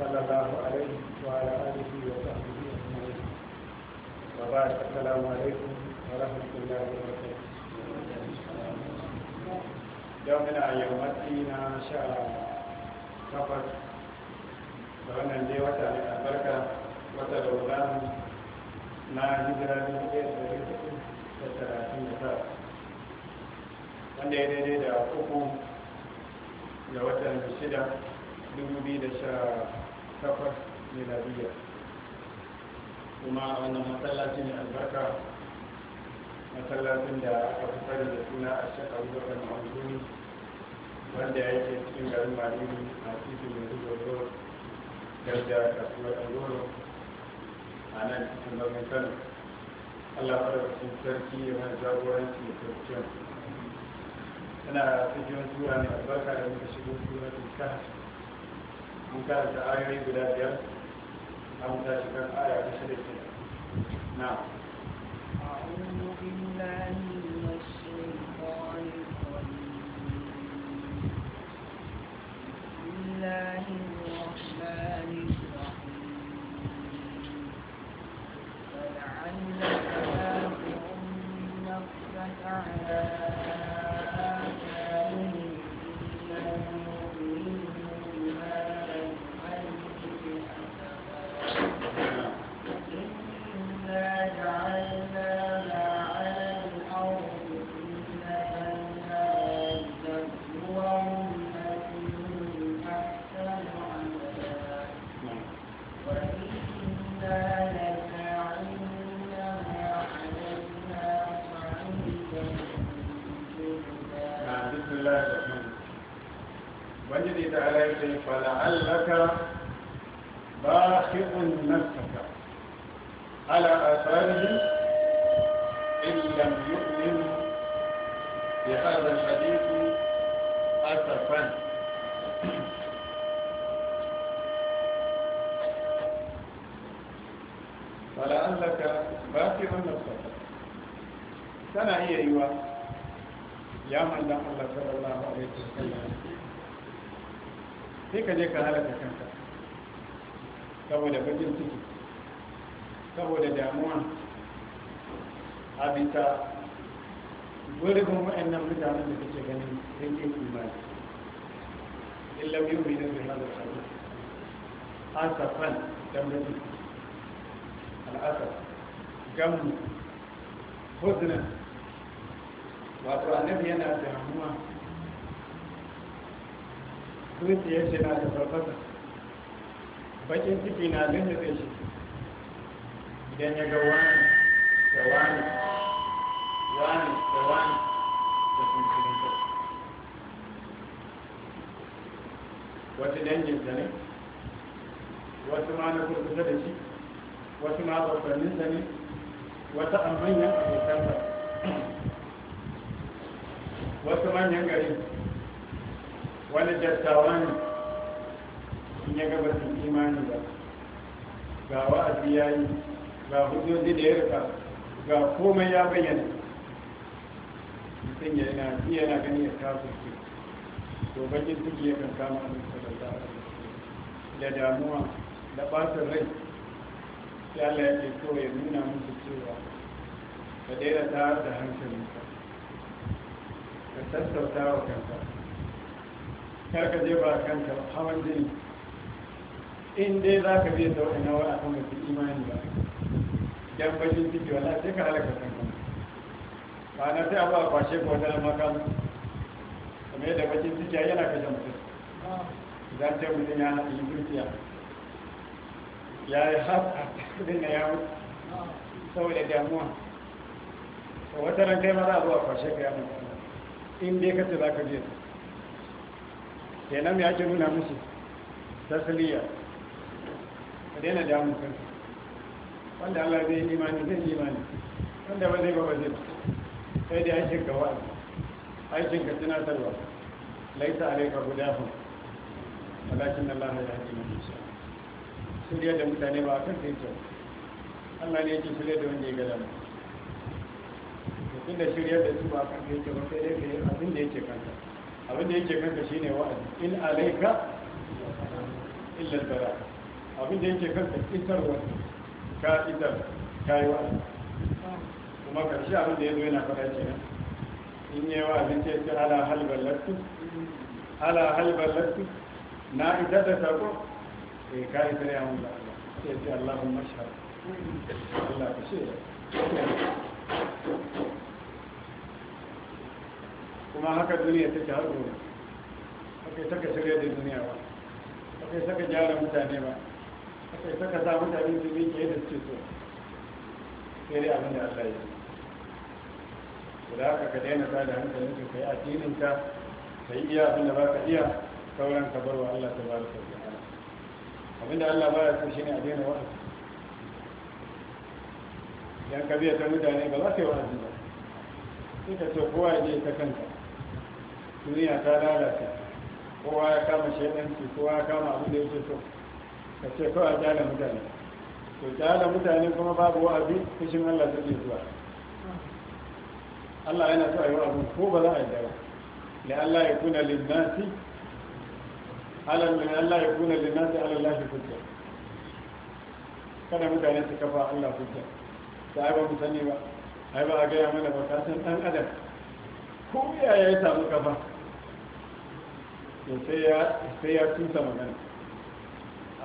صلى الله عليه وعلى آله وصحبه أجمعين وبعد السلام عليكم ورحمة الله وبركاته يومنا شاء wannan da uku takwas miladiya kuma a wannan masallaci albarka masallacin da aka fi da suna a da kan mahmuduni wanda ya ke cikin garin malini a cikin yanzu gogoro garda kasuwar angoro a nan cikin birnin kan allah cikin sarki ya mai jagoranci da kyakkyan suna cikin tura ne albarka da muka shigo tura tuka mun ta ayoyi guda biyar an tashi kan aya ta shida na أعوذ بالله damdami al'asar gamu hudna wato annabi yana damuwa ya ce na da farfasa bakin ciki na lullube shi idan ya ga wani da wani wani da wani da sun shirin wata dangin ta ne wasu ma na kurkusa da shi wasu ma bakwanninsa ne wasu a manyan abokansa wasu manyan gari wani dattawa ne in ya gaba sun imani ba ga wa'azi ya yi ga hujjoji da ya rika ga komai ya bayyana mutum yana iya yana gani ya kafirce to bakin ciki ya kan kama da damuwa da ɓatar rai sai Allah ya ce kawai nuna musu cewa ka daina ta da hankalinka ka sassauta wa kanka kar ka je ba kanka hawan jini in dai za ka biya sau ina a akan mutum imani ba dan bashin ciki wala sai ka halaka kanka ba na sai abuwa a kwashe ko wata makam kamar yadda bashin ciki yana kashe mutum zan ce mutum ya haɗa yi zuciya ya yi haka din na yawo saboda damuwa a wata ran kai mara abuwa a kwashe ka yamu in dai ka ce za ka biya kenan ya ke nuna musu tasiriya ka daina damun kan wanda Allah zai yi imani zai yi imani wanda ba zai ba ba zai sai dai aikin ka aikin ka tunatarwa laisa alaika gudafin walakin Allah ya haɗi mai shirya da mutane ba kan sai Allah ne yake shirya da wanda ya gada mutum da shirya da su ba kan sai sai dai abin da yake abin da yake shine wa'azi in alaika illa albara abin da yake kanka isar wa ka isar ka yi wa'azi kuma karshe abin da ya zo yana faɗa in yi wa'azi ce ala halbar lattu ala halbar lattu na isar da sako Eh, kuma ka yi ta ce da duniya ba gyara mutane ba ka sa mutane su ke da suke so sai dai abin da ka daina sada da hankalin ka yi addinin ka ka yi iya abin da ba ka iya sauran ka bar Allah ta da ta abinda Allah baya so shine a daina wa'azi yan kabiya ta mutane ba za ka yi wa'azi ba sai ka ce kowa je ta kanka duniya ta lalata kowa ya kama shaidanci kowa ya kama abin da yake so ka ce kawai jala mutane to jala mutane kuma babu wa'azi fushin Allah take zuwa Allah yana so a yi wa'azi ko ba za a yi ba la Allah ya kuna lin nasi halar mai Allah ya kuna linnasi Allah ya hujja kada mutane su kafa Allah hujja da ai mu sani ba ai ba a gaya mana ba kasan ɗan adam ko ya ya samu kafa to sai ya tusa magana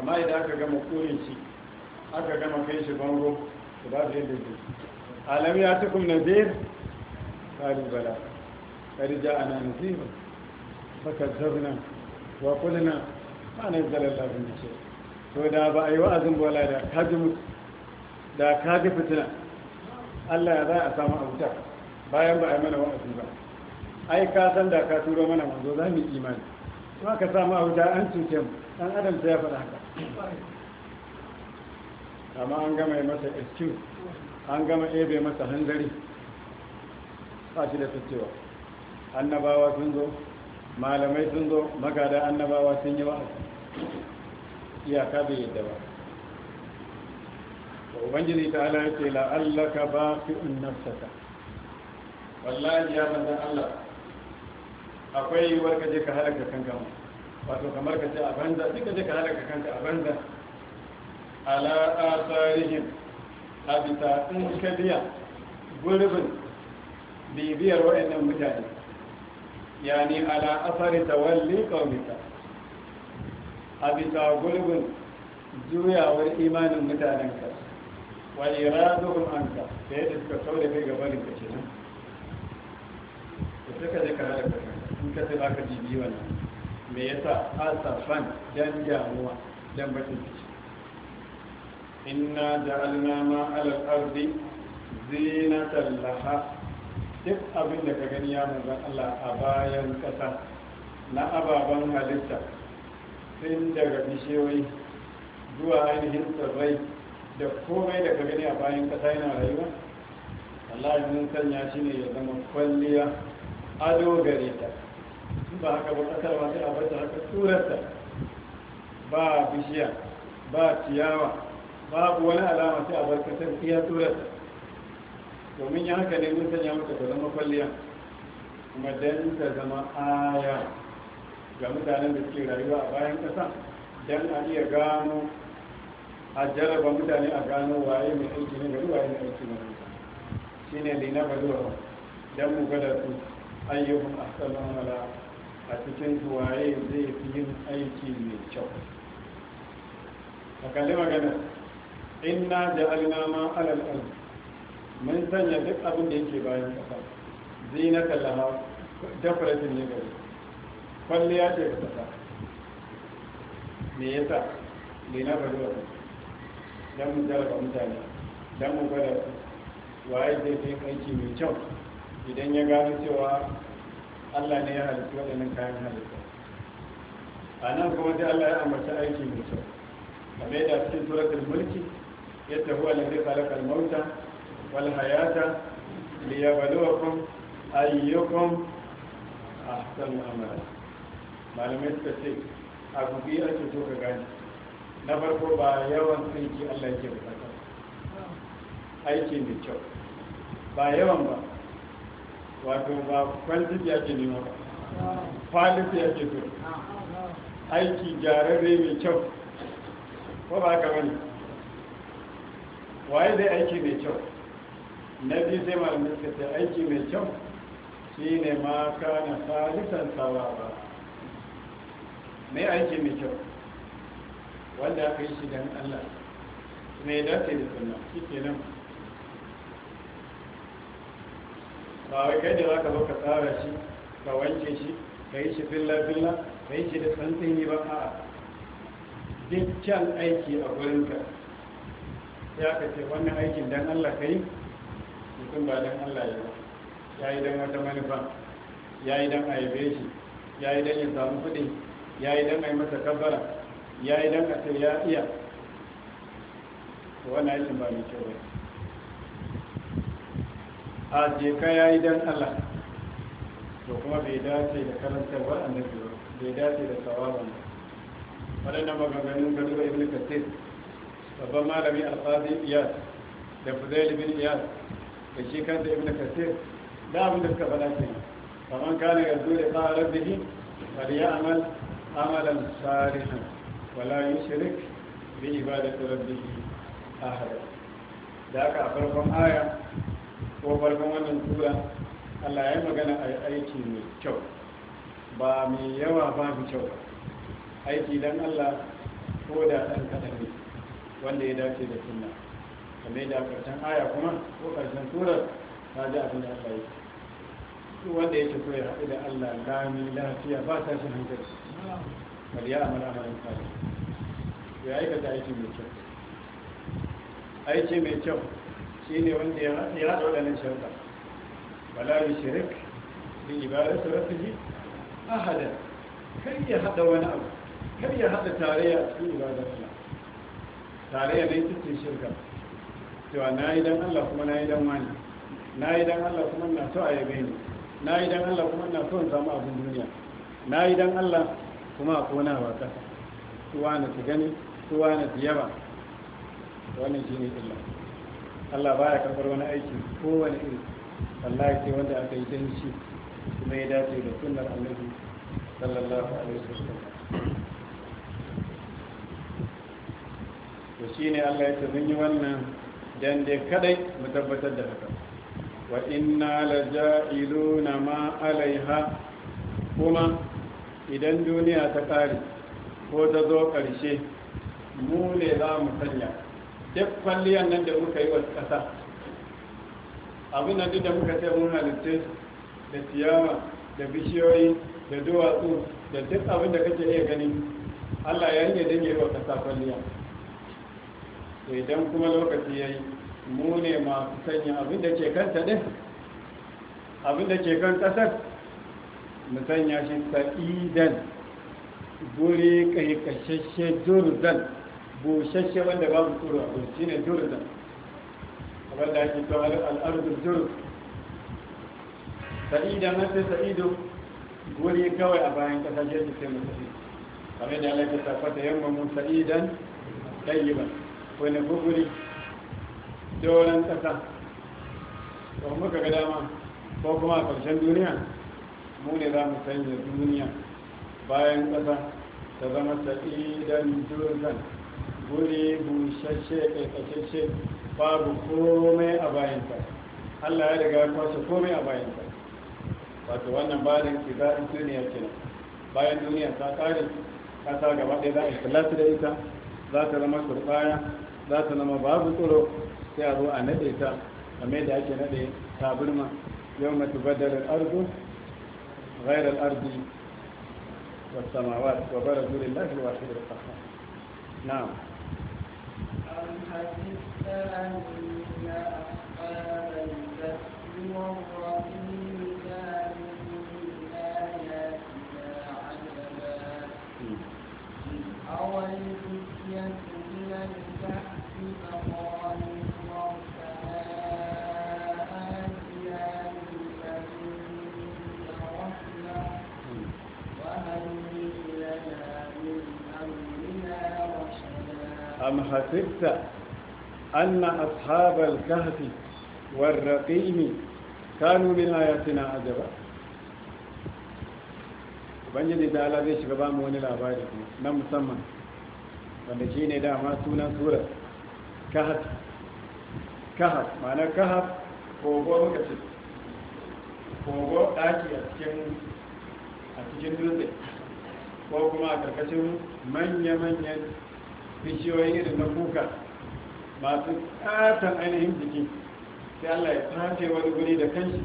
amma idan aka gama kurin shi aka gama kai shi bango to ba zai da alam ya tukum nazir qalu bala qad ja'ana nazir fakazzabna wa kulina ma na zalar labin da ce to da ba a yi wa'azin bola da kaji mutu da kaji fitina allah ya za a samu abuta bayan ba a yi mana wa'azi ba ai ka san da ka turo mana manzo za mu yi imani kuma ka samu abuta an cuce mu dan adam sai ya faɗa haka amma an gama yi masa excuse an gama ebe masa hanzari ba shi da fitowa annabawa sun zo malamai sun zo magada annabawa sun yi wa'azi iyaka bai yadda ba to ubangiji ta ala ya ce la'allaka ba fi nafsaka wallahi ya manzan allah akwai yiwuwar ka je ka halaka kanka mu wato kamar ka ce a banza duka je ka halaka kanka a banza ala asarihim abita in ka biya gurbin bibiyar waɗannan mutane yani ala asari tawalli qaumika a bisa gulbin juyawar imanin mutanenka wa iraduhum anka da yadda suka saurin kai gabanin ka ce nan da suka je ka halaka in ka sai baka jibi wannan me ya sa yasa asafan dan damuwa dan bakin ciki inna ja'alna ma ala al-ardi zinatan laha duk abin da ka gani ya manzan Allah a bayan ƙasa na ababen halitta tun daga bishiyoyi zuwa ainihin tsirrai da komai da ka gani a bayan ƙasa yana rayuwa Allah mun sanya shi ne ya zama kwalliya ado dogare ta ba haka ba ƙasar ba sai a bar ta haka turarta ba bishiya ba ciyawa babu wani alama sai a bar ƙasar iya turarta domin ya haka ne mun sanya mata ta zama kwalliya kuma don ta zama aya ga mutanen da suke rayuwa a bayan ƙasa don a iya gano a jaraba mutane a gano waye mai aiki ne gari waye mai aiki ne shi ne lina baluwa don mu gada su ayyukan ahsanu amala a cikin su waye zai fi yin aiki mai kyau a kalli magana inna ja'alna ma alal ardi mun sanya duk abin da yake bayan kasa zinatan laha dafaratin ne gari kwalliya ce kasa me yasa lina bari wa dan mu jarraba mutane dan mu gwada waye zai kai aiki mai kyau idan ya gano cewa Allah ne ya halittu waɗannan kayan halitta a nan kuma sai Allah ya ambaci aiki mai kyau kamar yadda cikin suratul mulki yadda huwa alladhi khalaqa al-mauta Walhayata, والحياة ليبلوكم a أحسن عملا malamai suka ce abu biyu ake so ka gani na farko ba yawan aiki allah ke bukata aiki mai kyau ba yawan ba wato ba kwantiti ake nema ba kwaliti ake so aiki gyararre mai kyau ko ba ka bane waye dai aiki mai kyau na biyu sai malamin suka ce aiki mai kyau shi ne ma kana salisan ba mai aiki mai kyau wanda aka yi shi don allah mai dace da suna shi ke nan ba wai kai da za ka zo ka tsara shi ka wanke shi ka yi shi filla-filla ka yi shi da yi ba a dukkan aiki a gurinka ya ka ce wannan aikin don allah ka yi mutum ba don Allah ya ya yi don wata manufa ya yi dan a yabe shi ya yi don ya samu kudi ya yi dan a yi masa kabbara ya yi don a sai ya iya wani aikin ba mai kyau ba a je ka ya yi dan Allah to kuma bai dace da karantarwar annabi ba bai dace da sawaban ba waɗannan maganganun gani duba ibn kasir babban malami alfazi iyas da fuzail bin iyas da shi kansa ibn kasir da abin da suka faɗa kenan kaman kana yarzu da qa'a ya amal amalan tsarihan, wala yushrik bi ibadati rabbihi ahada da haka a farkon aya ko farkon wannan tura Allah ya magana a aiki mai kyau ba mai yawa ba mai kyau aiki dan Allah ko da ɗan kaɗan ne wanda ya dace da sunna kamar da karshen aya kuma ko karshen surar ta ji abin da aka ya ce wanda yake so ya haɗu da Allah lami lafiya ba ta shi hankali Bari ya amala amalan salih ya aikata aiki mai kyau aiki mai kyau shine wanda ya haɗa waɗannan sharuɗa wala yushrik bi ibadati rabbih ahada kar ya haɗa wani abu kar ya haɗa tarayya cikin ibadar Allah tarayya ne cikin shirka cewa na yi don Allah kuma na yi don wani na yi don Allah kuma na so a yabe ni na yi don Allah kuma na so in samu abin duniya na yi don Allah kuma a kona wa kasa suwa na su gani suwa na su yaba wannan shi ne illa Allah ba ya karɓar wani aiki ko wani iri wallahi ce wanda aka yi don shi kuma ya dace da sunnar annabi sallallahu alaihi sallam. to shine Allah ya ce yi wannan dan dai kadai mu tabbatar da haka wa inna laja'iluna ma alaiha kuma idan duniya ta kare ko ta zo karshe mu ne za mu sanya duk kwalliyar nan da muka yi wa ƙasa abin da muka ce mun halitta da ciyawa da bishiyoyi da duwatsu da duk abin da kake iya gani allah ya yi ne wa ƙasa kwalliya idan kuma lokaci ya yi mu ne masu sanya abin da ke kan ɗin abin da ke kan ƙasar mu sanya shi sa'idan guri ƙaiƙashashe jordan bushashe wanda babu tsoro a gudu shine jordan kamar da ake kawar al'adun jordan sa'idan na sai sa'ido guri kawai a bayan ƙasashe su sai mu kamar da alaƙa ta fata yamma mun sa'idan ba. wani guguri doron ƙasa to muka ga dama ko kuma a ƙarshen duniya mu ne za mu sanya duniya bayan ƙasa ta zama ta idan jirgin guri bushashe ƙaƙashashe babu komai a bayanta allah ya daga kwashe komai a bayanta wato wannan bayan a duniya kenan bayan duniya ta tsari, ƙasa gaba ɗaya za a yi da ita za ta zama kurɓaya. za ta zama babu tsoro sai a zo a naɗe ta kamar da ake naɗe taburma yau mata والسماوات وبرزوا لله الواحد القهار نعم أم حسبت أن أصحاب الكهف والرقيم كانوا من آياتنا عجبا hmm. أولم يكن أم حسبت أن أصحاب الكهف والرقيم كانوا من آياتنا عجبا ubangiji ta ala zai shiga ba mu wani labari na musamman wanda shi ne dama sunan sura kahat kahat ma'ana kahat kogo muka ce kogo ɗaki a cikin dutse ko kuma a karkashin manya-manyan bishiyoyi irin na kuka masu katon ainihin jiki sai Allah ya tace wani guri da kanshi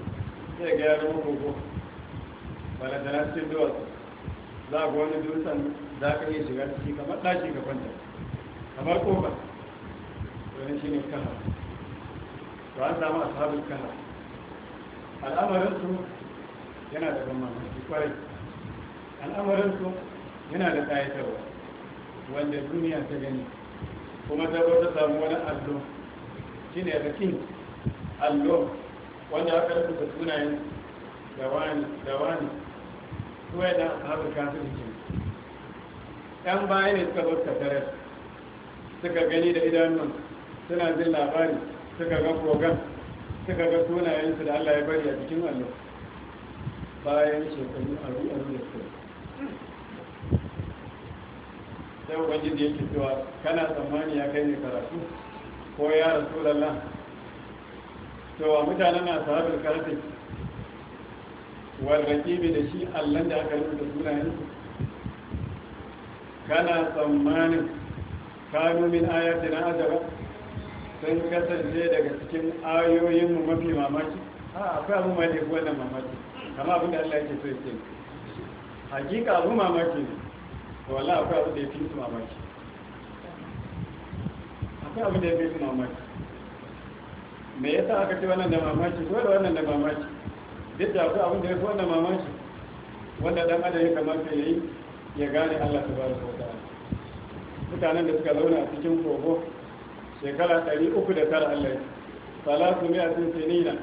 sai ga yaro koko wala da cikin duwatsu za ga wani dutsen za ka iya shiga ciki kamar ɗaki ga kwanta kamar ƙofa wani shi ne kaha to an samu asabar kaha al'amarinsu yana da ban mamaki kwarai al'amarinsu yana da ƙayatarwa wanda duniya ta gani kuma ta ta samu wani allo shi ne rikin allo wanda aka rubuta sunayen da wani da wani suwaye da haɓar kafirci ɗan bayan ne suka zo tare suka gani da idanun suna jin labari suka ga program suka ga sunayensu da allah ya bari a jikin allo bayan shekaru aru aru da suka sai ubangiji yake cewa kana tsammani ya kai ne karatu ko ya rasu lalla cewa mutanen na sahabar karfe warrake ne da shi allon da aka rubuta sunayensu kana tsammanin kanu min da na ajaba sun kasance daga cikin ayoyinmu mafi mamaki a akwai abu mai da wannan mamaki kama abin da Allah yake so yake hakika abu mamaki ne to akwai abin da ya fi su mamaki akwai abin da ya fi su mamaki me yasa aka ce wannan da mamaki ko da wannan da mamaki duk da akwai abin da ya fi wannan mamaki wanda dan adam ya kamata ya yi ya gane Allah ta bari ko ta'ala mutanen da suka zauna a cikin kogo shekara 309 Allah salatu mi'atin sinina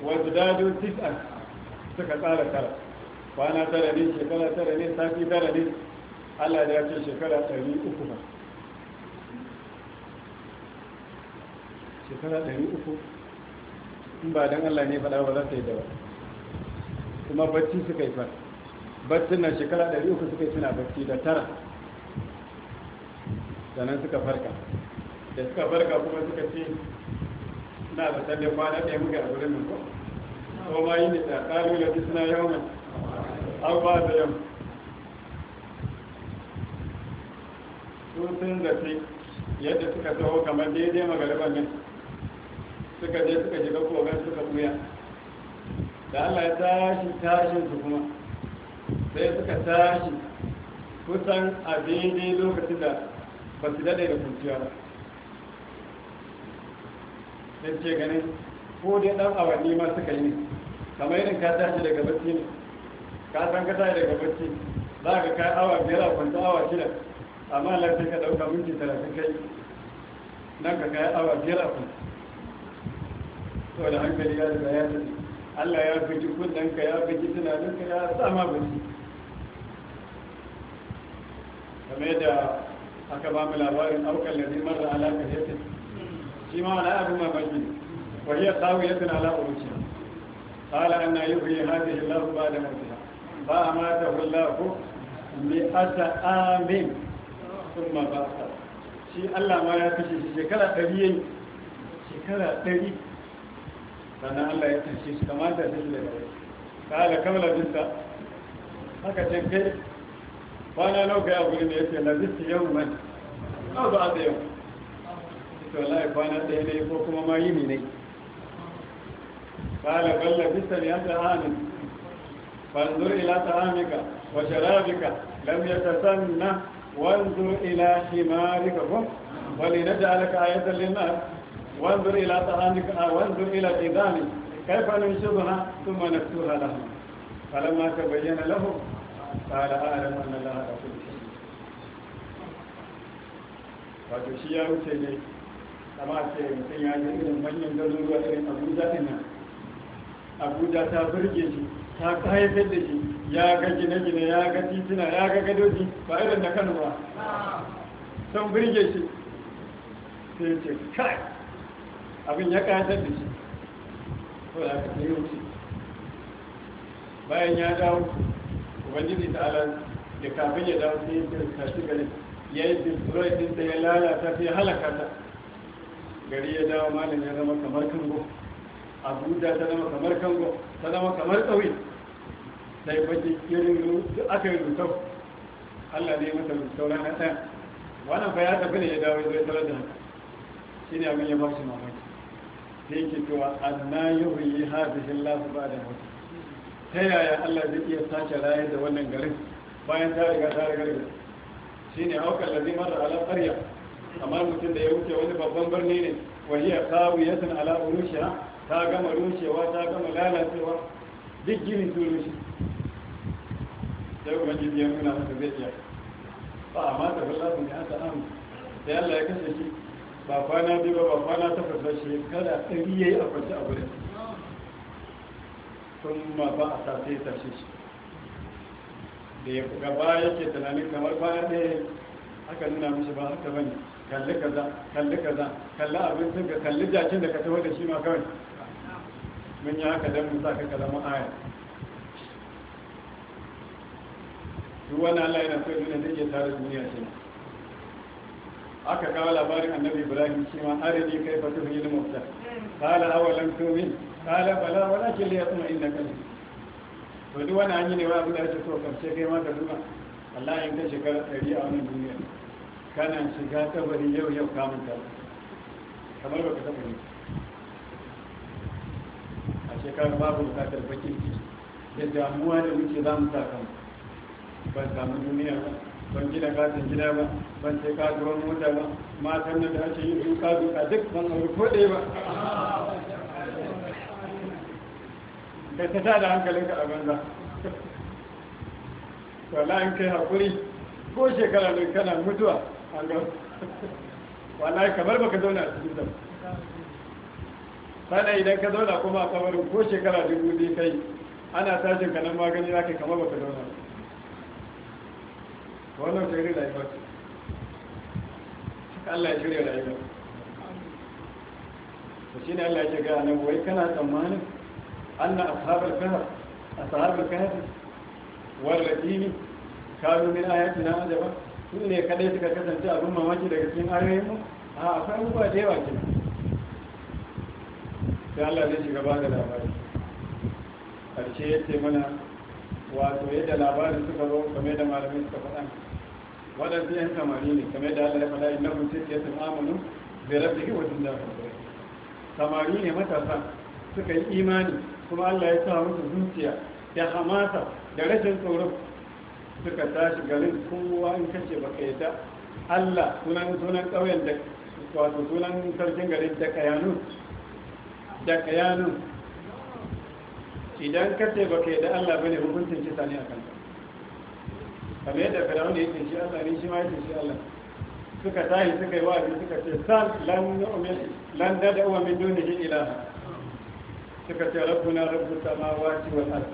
wa zidadu tis'an suka tsara tara kwana tara ne shekara tara ne sati tara ne Allah ya ce shekara 300 ba shekara 300 in ba don Allah ne faɗa ba za ta yi da ba kuma bacci suka yi fa baccin na shekara 300 suka yi suna bacci da tara sannan suka farka da suka farka kuma suka ce na da sanda kwana ɗaya muka a wurin nan ko ko ma yi ne ta ƙari da suna yawon an ba da yawon sun zafi yadda suka taho kamar daidai magariban ne suka je suka shiga kogon suka buya da Allah ya tashi tashin su kuma sai suka tashi kusan a daidai lokacin da ba su daɗe da kunciya ba sai ce ganin ko dai ɗan awanni ma suka yi ne kamar irin ka tashi daga bacci ne ka san ka tashi daga bacci za ka kai awa biyar a kwanta awa shida amma lafi ka ɗauka minti talatin kai nan ka kai awa biyar a kun to da hankali ya riga ya tafi Allah ya fi kunnen ka ya fi tunanin ka ya sa ma baki kamar da aka ba mu labarin aukan da zimar da alaƙa ya tafi shi ma wani abin mamaki ne wa hiya qawiyatun ala urushiha qala anna yuhyi hadhihi Allahu ba'da mawtiha fa amatahu Allahu mi'ata amin sun ba sa shi Allah ma ya kashe shi shekara ɗari yin shekara ɗari sannan Allah ya tashe shi kamata da shi da ɗari kala kamala binta haka can kai kwana nauka ya guri da ya ce lazisti yau man au ba a tsaye yau to wallahi kwana ɗaya ne ko kuma ma yini ne kala kalla binta ne ya ta hannun fanzur ila ta hamika wa sharabika lam yatasanna وانظر إلى حمارك ولنجعلك آية للناس وانظر إلى طعامك وانظر إلى عظامك كيف ننشدها ثم نكسوها لهم فلما تبين له قال أعلم أن الله على كل شيء wato shi ya wuce ne kama ce mutum ya ji irin manyan garuruwa irin abuja ɗin nan abuja ta birge shi ta haifar da shi ya ga gine-gine ya ga titina ya ga gadoji ba irin da kano ba sun birge shi sai ce kai abin ya ƙayatar da shi ko da ka sai wuce bayan ya dawo ubangiji ta ala da kafin ya dawo sai ya tashi gari. ya yi din da ya lalata sai ya halaka ta gari ya dawo malam ya zama kamar kango abuja ta zama kamar kango ta zama kamar ƙauye sai baki irin da aka yi rusau Allah ne masa rusau na ɗaya wannan fa ya tafi ne ya dawo zai tarar da haka shi ne abin ya ba shi mamaki sai yake cewa anna yuhyi hadhihi Allah ba'da mawt ta yaya Allah zai iya sace rayar da wannan garin bayan ta riga ta riga shine da zai mara ala qarya amma mutum da ya wuce wani babban birni ne wa hiya qawiyatan ala urushiha ta gama rushewa ta gama lalacewa duk gini sun rushe sai ubangiji ya nuna masa zai iya ba amma mata bala sun ya ta amu sai Allah ya kashe shi ba kwana biyu ba ba kwana ta takwas shi. shekara ɗari ya yi a kwanci a gurin sun ma ba a sa sai tashe shi da ya ba ya ke tunanin kamar kwana ɗaya aka nuna mishi ba haka bane kalli kaza kalli kaza kalli abincin ka kalli jakin da ka taho da shi ma kawai mun yi haka don mu sa ka kalama aya duk wani Allah yana kai duniya zai iya tara duniya ce aka kawo labarin annabi ibrahim shi ma arini kai fa tuhi lil mutta qala awalam tu'min qala bala walakin li yatma inna qalbi to duk wani an yi ne wa abin da ake so karshe kai ma ka duba Allah in ka shekara 100 a wannan duniya kana shiga kabari yau yau ka ta kamar baka taba yi a shekarar babu bukatar bakin ciki yadda damuwa da muke za mu sa kanmu ban samu duniya ba ban gina katin gida ba ban sai kasuwar mota ba matan nan da ake yi duka-duka. duk ban abu ko ɗaya ba ka ta tada hankalinka a banza wala in kai hakuri? ko shekara ne kana mutuwa an ga wala kamar baka zauna a cikin zama sana idan ka zauna kuma a kamarin ko shekara dubu ne kai ana tashin kanan magani za ka kamar baka zauna wannan ta yi rayuwa ce Allah ya shirya rayuwa to shi ne Allah ya ga nan wai kana tsammanin anna ashabul kahf ashabul kahf wal rahimi kanu min ayatina ajaba su ne kadai suka kasance abin mamaki daga cikin ayoyin mu a akwai abubuwa da yawa ke sai Allah zai shiga ba da labari karshe ya ce mana wato yadda labarin suka zo kame da malamai suka faɗa waɗansu yan samari ne kame da halar ya faɗa inna ke sai sun amanu bai rabbi yi wajen da samari ne matasa suka yi imani kuma Allah ya sa musu zuciya da hamata da rashin tsoron suka tashi garin kowa in kace baka yadda Allah sunan sunan ƙauyen da wato sunan sarkin garin da da kayanun idan ka ce da yadda Allah bane hukuncin kisa sani a kanta kamar yadda firawun ya shi Allah ne shi ma ya shi Allah suka tahi suka yi wa'azi suka ce sal lan da da min dunihi ilaha suka ce rabbuna rabbu samawati wal ard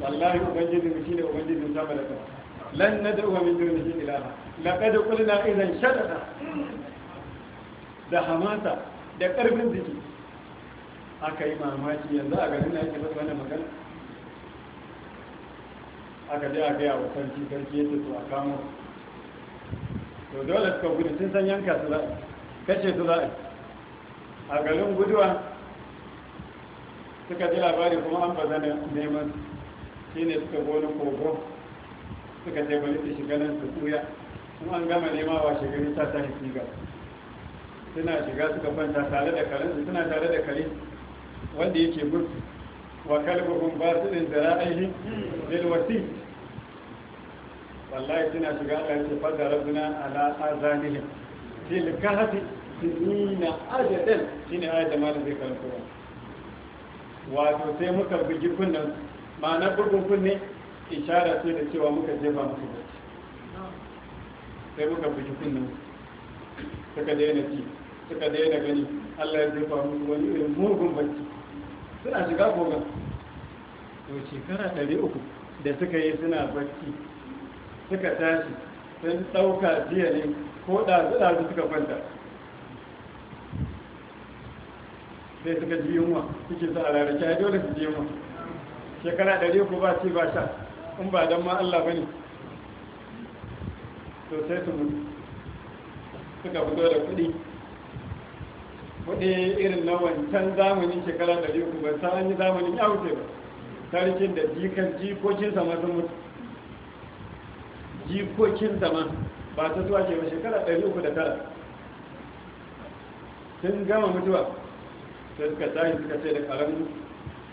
wallahi ubangiji mu shine ubangiji sama da kasa lan nad'u min dunihi ilaha laqad qulna idan shadada da hamasa da karfin jiki aka yi mamaki yanzu a garin na yake wani magana aka je a gaya wa sarki sarki yake to a kamo to dole suka gudu sun san yanka su za kashe su za'a a garin guduwa suka ji labari kuma an bazan neman shi ne suka goni kogo suka ce bari su shiga nan su kuya kuma an gama nema wa shigari ta ta shiga suna shiga suka kwanta tare da karen suna tare da kare wanda yake gudu wa kalbuhum basilin zara'ihi lil wasi wallahi suna shiga Allah yake fada rabbuna ala azanihim til kahfi sinina ajadan shine ayat da malam zai karanto wato sai muka bugi kunnan ma'ana bugun kunne isharar ce da cewa muka jefa musu bacci sai muka bugi kunnan suka daina ci suka daina gani Allah ya jefa musu wani irin mugun bacci suna shiga gogon to shekara ɗari uku da suka yi suna bakki suka tashi sun ɗauka jiya ne ko ɗazu-ɗazu suka kwanta sai suka ji yunwa suke sa a rarraki a dole su ji yunwa shekara ɗari uku ba ce ba sha in ba don ma Allah ba ne to sai su suka fito da kuɗi kuɗi irin na wancan zamanin shekara ɗari uku ba sa an yi zamanin ya wuce ba sarkin da jikan jikokin sama sun mutu jikokin sama ba ta zuwa ce ba shekara ɗari uku da tara sun gama mutuwa sai suka tashi suka ce da ƙaramin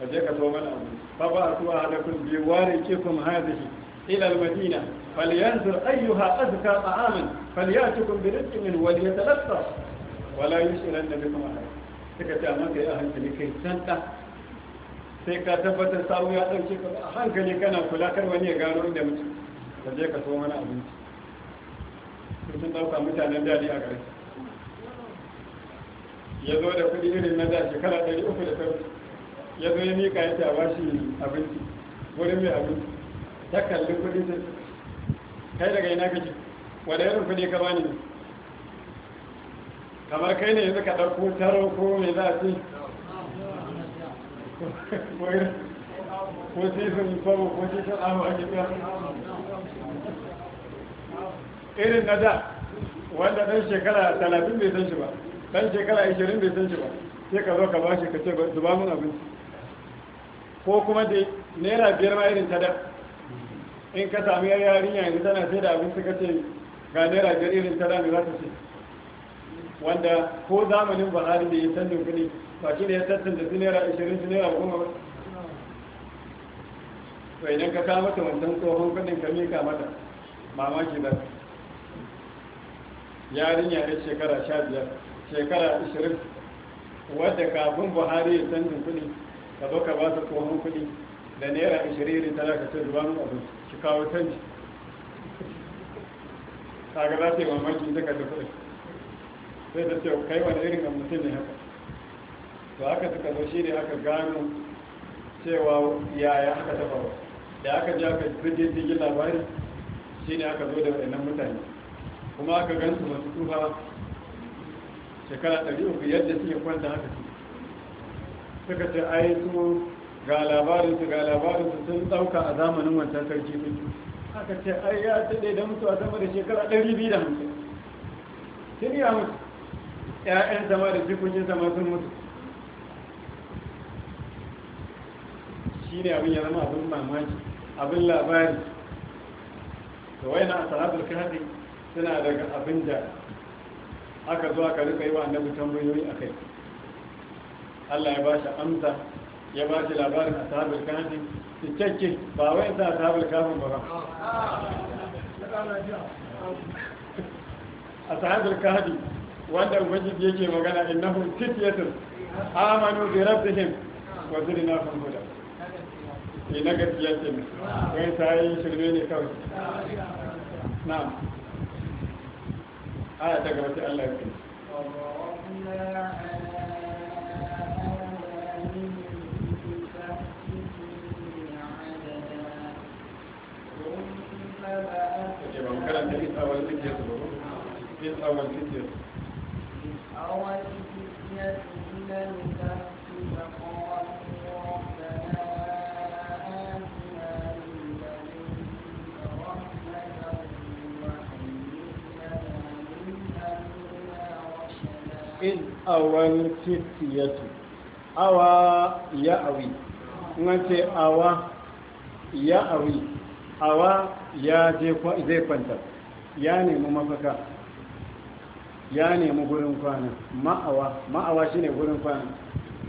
a je ka so mana abu ba ba a suwa halakun bi ware ke kuma hazihi ila al-madina falyanzur ayyuha azka ta'aman falyatukum bi rizqin min wa wala yi shi ran da bai kama suka ce amma kai a hankali kai santa sai ka tabbatar sa'u ya ɗauke ka a hankali kana kula kar wani ya gano inda mutu ka je ka so mana abinci sun ɗauka mutanen daɗi a garin ya zo da kuɗi irin na da shekara ɗari uku da sauki ya zo ya miƙa ya ce a bashi abinci wurin mai abinci ta kalli kuɗi sai kai daga ina kake wanda irin kuɗi ka bani ne kamar kai ne yanzu ka ɗauko taro ko mai za a ce ko yi kwabo ko titin abu a gida irin na da wanda ɗan shekara talatin bai san shi ba ɗan shekara ashirin bai san shi ba sai ka zo ka ba shi ka ce zuba mun abinci ko kuma da naira biyar ma irin ta da in ka sami yarinya yanzu tana sai da abinci ka ce ga naira biyar irin ta da ne za ta ce wanda ko zamanin buhari da ya san kuɗi ba shi ne ya tattanta su naira ashirin su naira goma ba to idan ka kawo mata wancan tsohon kuɗin ka mika mata mamaki da yarinya ya shekara sha biyar shekara ashirin wadda kafin buhari ya canjin kuɗi ka zo ka ba su tsohon kuɗi da naira ashirin ta za ta ce mu abu shi kawo canji ga za ta yi mamaki duka da kuɗi sai ta ce kai wani irin mutum ne haka to haka suka zo shi ne aka gano cewa yaya aka taba ba da aka ji aka zirgin jirgin labari shi ne aka zo da waɗannan mutane kuma aka su masu tsufa shekara ɗari uku yadda suke kwanta haka su suka ce ai su ga labarinsu ga labarinsu sun ɗauka a zamanin wancan sarki suke aka ce ai ya taɗe da mutu a sama da shekara ɗari biyu da hamsin mutu ‘ya’yan zama da jikokin sama sun mutu shi ne abin ya zama abin mamaki abin labari da wai na asahabar kafi suna daga abin da aka zuwa ka rika yi wa annabi tambayoyi a kai Allah ya ba shi amsa ya ba shi labarin asahabar kafi su cece ba wai sa asahabar kafin ba ba A asahabar kafi wanda ubangiji yake magana innahum fityatun amanu bi rabbihim wa hum huda eh, na gaskiya ce ne wai sai shirme ne kawai na'am aya ta gaba sai Allah ya kai Okay, well, I'm going to take it in awal titiyatu awa ya awi wace awa ya awi awa ya je zai kwanta ya nemi mafaka ya nemi gurin kwana ma'awa ma'awa shi ne gurin kwana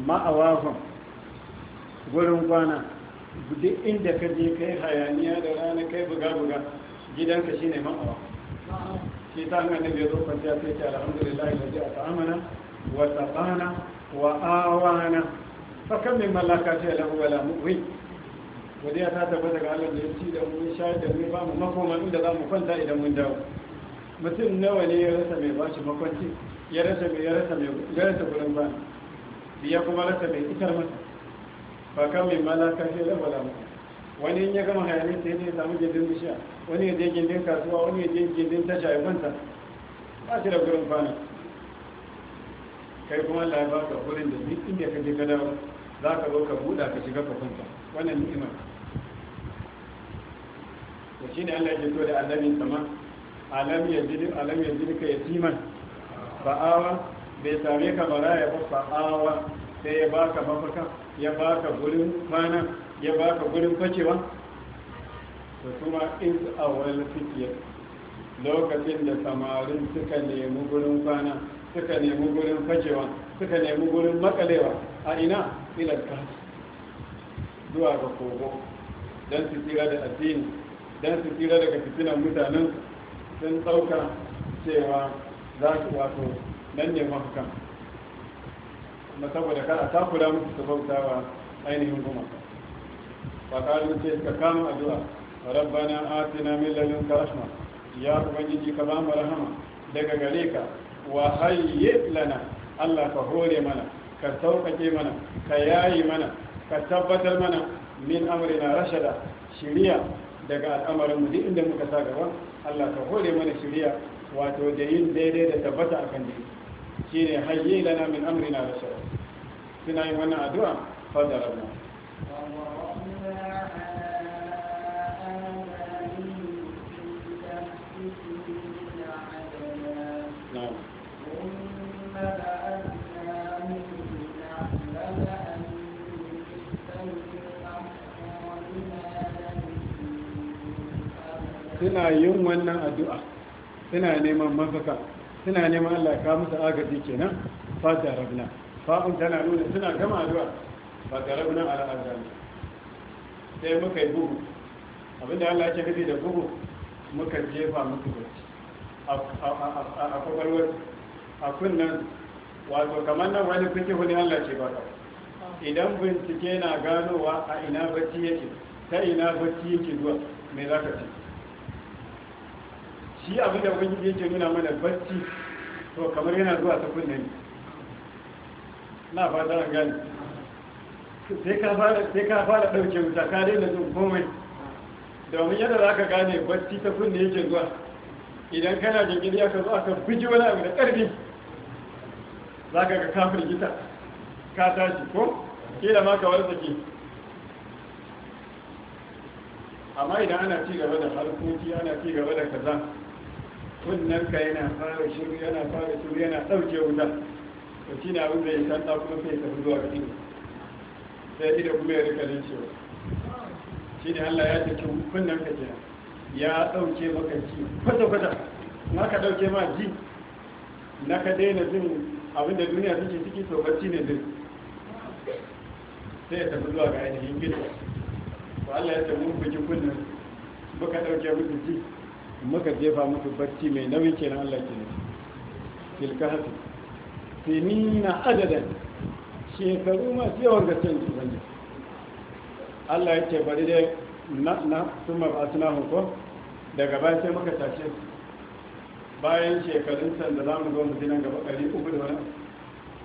kwan gurin kwana duk inda ka je kai hayaniya da rana kai buga-buga gidanka shi ne ma'awa shi ta hanyar da biyar zo ta sai ce alhamdulillah da ji a ta'amana wa tsabana wa awana fakan min mallaka ce lahu wala wadda ya ta tabbata ga Allah da ya ci da mun ya shayar da mun ba mu makoma inda za mu kwanta idan mun dawo mutum nawa ne ya rasa mai bashi makwanci ya rasa mai ya rasa mai ya rasa gurin ba ya kuma rasa mai itar masa ba kan mai malaka sai da wala mu wani in ya gama hayanin sai ne samun samu gindin bishiya wani ya je gindin kasuwa wani ya je gindin tasha ya kwanta ba shi da gurin kwana kai kuma Allah ya baka gurin da duk inda ka je ka dawo za ka zo ka buɗa ka shiga ka kwanta wannan ni'imar shi ne Allah ya to da annabin sama alam yajid alam yajid ka yatiman fa awa bai same ka ya ba fa awa sai ya baka mafaka ya baka gurin kwana ya baka gurin facewa da kuma iz awal fitiyar lokacin da samarin suka nemi gurin kwana suka nemi gurin facewa suka nemi gurin makalewa a ina ilar kasu zuwa ga kogo don su tsira da addini don su tsira daga fitinan mutanen sun ɗauka cewa za su wato nan ne mafukan kuma saboda kada a takura musu su bauta wa ainihin kuma. ba yi ce suka kama addu'a rabbana atina min ladunka rahma ya ubangiji ka bamu rahama daga gare ka wa hayyi lana Allah ka hore mana ka sauƙaƙe mana ka yayi mana ka tabbatar mana min amrina rashada shiriya daga al'amarin mu duk inda muka sa gaba Allah ka hore mana shiriya wato da yin daidai da tabbata akan dai shine hayyi lana min amrina rasul suna yin wannan addu'a fadara suna yin wannan addu'a suna neman mafaka suna neman Allah ya kawo musu agaji kenan fata rabna fa'un tana nuna suna gama addu'a fata rabna ala azami sai muka yi bugu abinda Allah ke nufi da bugu muka jefa muku bacci a kwakwalwar a kunnan wato kamar nan wani kuke ne Allah ce ba idan bincike na ganowa a ina bacci yake ta ina bacci yake zuwa me za ka ce shi abin da wani yake nuna mana bacci to kamar yana zuwa ta kunne ne na fata an gani sai ka fara ɗauke wuta ka daina jin komai domin yadda za ka gane bacci ta kunne yake zuwa idan kana ya ka zuwa ka buji wani abu da ƙarfi za ka ga kafin gita ka tashi ko kila ma ka warzake amma idan ana ci gaba da harkoki ana ci gaba da kaza kunnen ka yana fara shiru yana fara shiru yana ɗauke wuta to shi ne abin da ya san kuma sai tafi zuwa ga sai ido kuma ya rika nan cewa shi ne allah ya tafi kunnan ka kenan ya ɗauke maka ji kwata-kwata na ka ɗauke ma ji na ka daina jin abin da duniya suke ciki to bacci ne duk sai ya tafi zuwa ga ainihin gida to allah ya tafi mun buji kunnan muka ɗauke musu ji muka jefa muku barci mai nauyi kenan Allah ke nufi tilka hafi sinina adadan shekaru masu yawan gaske ne ubangiji Allah ya ce bari dai na na summa ba suna hunko daga bayan sai muka tashi bayan shekarun san da zamu zo mu ji nan gaba ɗari uku da wani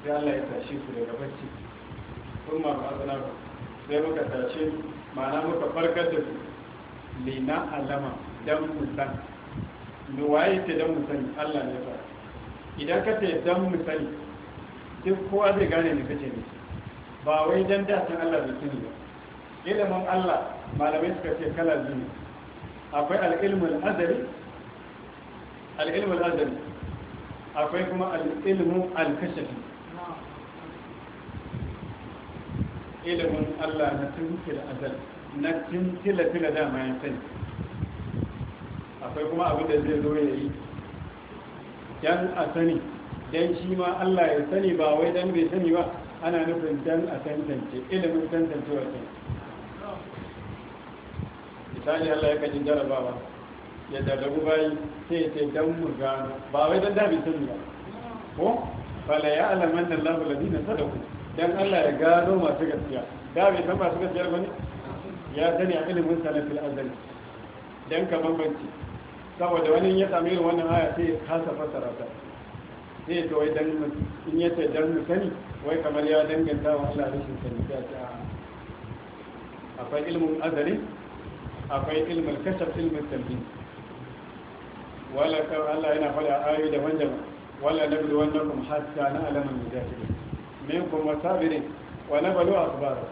sai Allah ya tashi su daga barci kuma ba suna hunko sai muka tashi ma'ana muka farkar da su lina alama dan musali sani waye ce dan musali sani Allah ne ba idan ka ce dan musali duk kowa zai gane ne kace ne ba wai dan da san Allah bai sani ba ilimin Allah malamai suka ce kala biyu ne akwai al-ilmul azali al azali akwai kuma al-ilmu al-kashafi ilimin Allah na tunkila azal na tunkila tila dama ya sani akwai kuma abin da zai zo ya yi dan a sani dan shi ma Allah ya sani ba wai dan bai sani ba ana nufin dan a tantance ilimin wa ce misali Allah ya kaji jarabawa ya dalabu bayi sai ce dan mu gano ba wai dan da bai sani ba ko fala ya alaman da Allah ladina sadaku dan Allah ya gano masu gaskiya da bai san masu gaskiya ba ne ya sani a ilimin salafil azali dan ka bambance saboda wani ya sami irin wannan aya sai ya kasa fasara ta sai ya wai dan in ya ce dan sani wai kamar ya danganta wa Allah rashin sani ta ce akwai ilmin azali akwai ilmin kashaf ilmin talbi wala kan Allah yana faɗa ayoyi da daban wala na wannan kuma hatta na alaman mujahidin minkum masabirin wa nablu asbara